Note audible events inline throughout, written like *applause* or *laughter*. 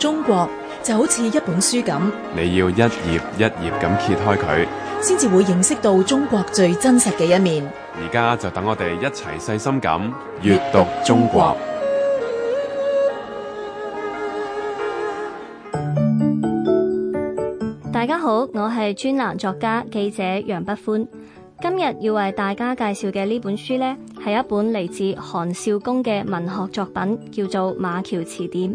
中國就好似一本書咁，你要一頁一頁咁揭開佢，先至會認識到中國最真實嘅一面。而家就等我哋一齊細心咁閱讀中國。中國。大家好，我係專欄作家、記者楊不歡。今日要為大家介紹嘅呢本書呢，係一本嚟自韓少功嘅文學作品，叫做《馬橋詞典》。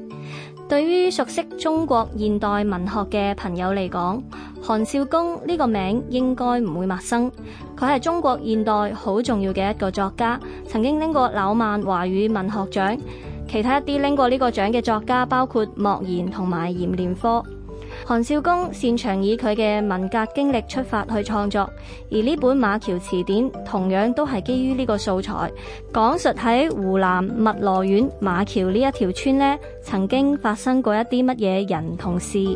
對於熟悉中國現代文學嘅朋友嚟講，韓少功呢個名應該唔會陌生。佢係中國現代好重要嘅一個作家，曾經拎過紐曼華語文學獎。其他一啲拎過呢個獎嘅作家，包括莫言同埋閻連科。韓少功擅長以佢嘅文革經歷出發去創作，而呢本《馬橋詞典》同樣都係基於呢個素材，講述喺湖南汨羅縣馬橋呢一條村咧，曾經發生過一啲乜嘢人同事。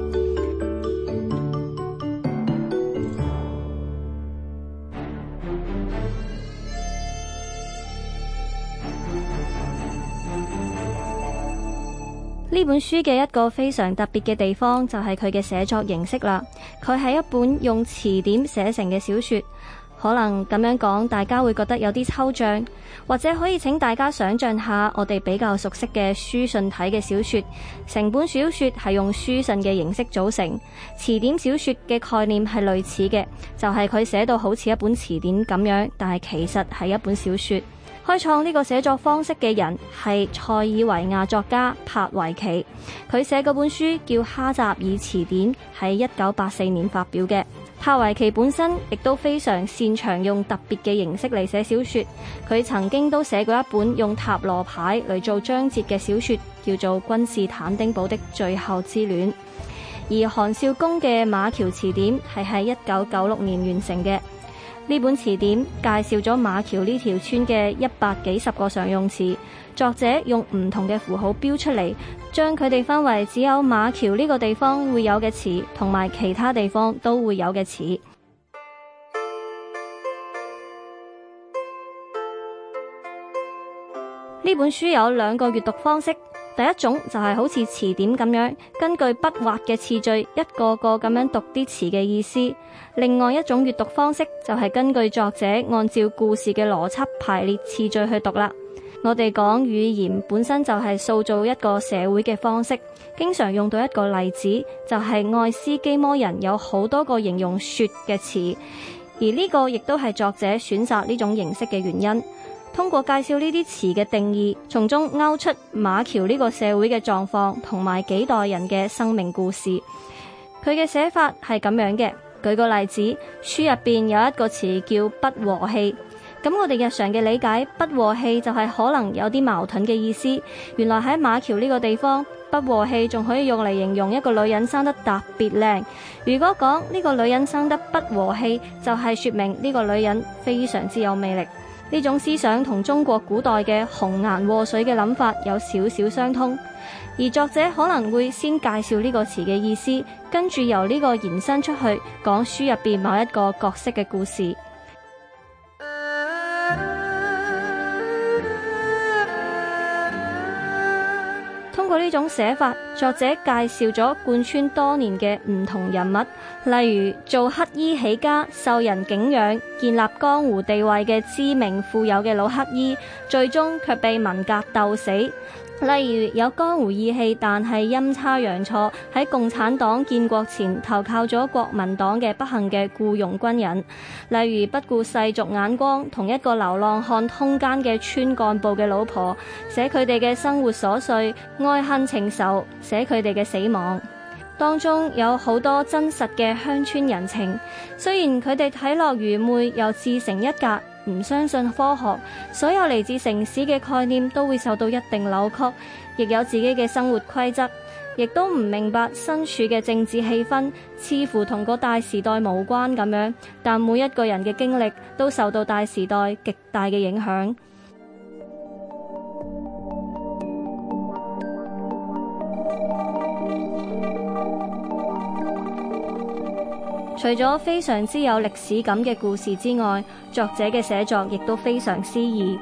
呢本書嘅一個非常特別嘅地方就係佢嘅寫作形式啦。佢係一本用詞典寫成嘅小説，可能咁樣講，大家會覺得有啲抽象，或者可以請大家想象下我哋比較熟悉嘅書信體嘅小説。成本小説係用書信嘅形式組成，詞典小説嘅概念係類似嘅，就係佢寫到好似一本詞典咁樣，但係其實係一本小説。開創呢個寫作方式嘅人係塞爾維亞作家帕維奇，佢寫嗰本書叫《哈扎爾詞典》，喺一九八四年發表嘅。帕維奇本身亦都非常擅長用特別嘅形式嚟寫小説，佢曾經都寫過一本用塔羅牌嚟做章節嘅小説，叫做《君士坦丁堡的最後之戀》。而韓少功嘅《馬橋詞典》係喺一九九六年完成嘅。呢本詞典介紹咗馬橋呢條村嘅一百幾十個常用詞，作者用唔同嘅符號標出嚟，將佢哋分為只有馬橋呢個地方會有嘅詞，同埋其他地方都會有嘅詞。呢 *music* 本書有兩個閱讀方式。第一種就係、是、好似詞典咁樣，根據筆畫嘅次序一個個咁樣讀啲詞嘅意思。另外一種閱讀方式就係、是、根據作者按照故事嘅邏輯排列次序去讀啦。我哋講語言本身就係塑造一個社會嘅方式，經常用到一個例子就係、是愛斯基摩人有好多個形容雪嘅詞，而呢個亦都係作者選擇呢種形式嘅原因。通過介紹呢啲詞嘅定義，從中勾出馬橋呢個社會嘅狀況，同埋幾代人嘅生命故事。佢嘅寫法係咁樣嘅。舉個例子，書入邊有一個詞叫不和氣。咁我哋日常嘅理解，不和氣就係可能有啲矛盾嘅意思。原來喺馬橋呢個地方，不和氣仲可以用嚟形容一個女人生得特別靚。如果講呢個女人生得不和氣，就係說明呢個女人非常之有魅力。呢種思想同中國古代嘅紅顏禍水嘅諗法有少少相通，而作者可能會先介紹呢個詞嘅意思，跟住由呢個延伸出去，講書入面某一個角色嘅故事。通過呢種寫法，作者介紹咗貫穿多年嘅唔同人物，例如做乞衣起家受人敬仰、建立江湖地位嘅知名富有嘅老乞丐，最終卻被文革鬥死；例如有江湖義氣但係陰差陽錯喺共產黨建國前投靠咗國民黨嘅不幸嘅僱傭軍人；例如不顧世俗眼光同一個流浪漢通奸嘅村幹部嘅老婆，寫佢哋嘅生活瑣碎、愛。恨情仇，寫佢哋嘅死亡。當中有好多真實嘅鄉村人情。雖然佢哋睇落愚昧，又自成一格，唔相信科學，所有嚟自城市嘅概念都會受到一定扭曲，亦有自己嘅生活規則，亦都唔明白身處嘅政治氣氛，似乎同個大時代無關咁樣。但每一個人嘅經歷都受到大時代極大嘅影響。除咗非常之有歷史感嘅故事之外，作者嘅寫作亦都非常詩意。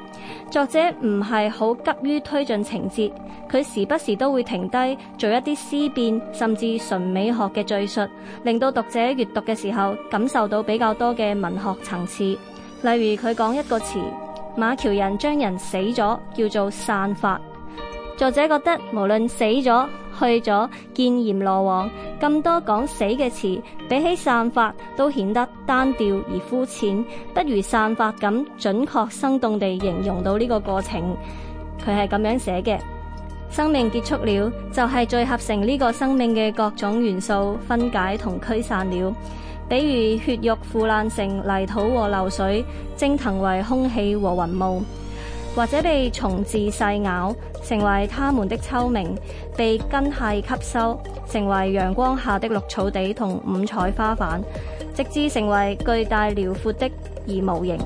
作者唔係好急於推進情節，佢時不時都會停低做一啲思辨，甚至純美學嘅敘述，令到讀者閱讀嘅時候感受到比較多嘅文學層次。例如佢講一個詞，馬橋人將人死咗叫做散發。作者覺得無論死咗、去咗、見閻羅王，咁多講死嘅詞，比起散發都顯得單調而膚淺，不如散發咁準確生動地形容到呢個過程。佢係咁樣寫嘅：生命結束了，就係在合成呢個生命嘅各種元素分解同驅散了，比如血肉腐爛成泥土和流水，蒸騰為空氣和雲霧。或者被蟲豸細咬，成為牠們的秋名；被根系吸收，成為陽光下的綠草地同五彩花瓣，直至成為巨大遼闊的而無形。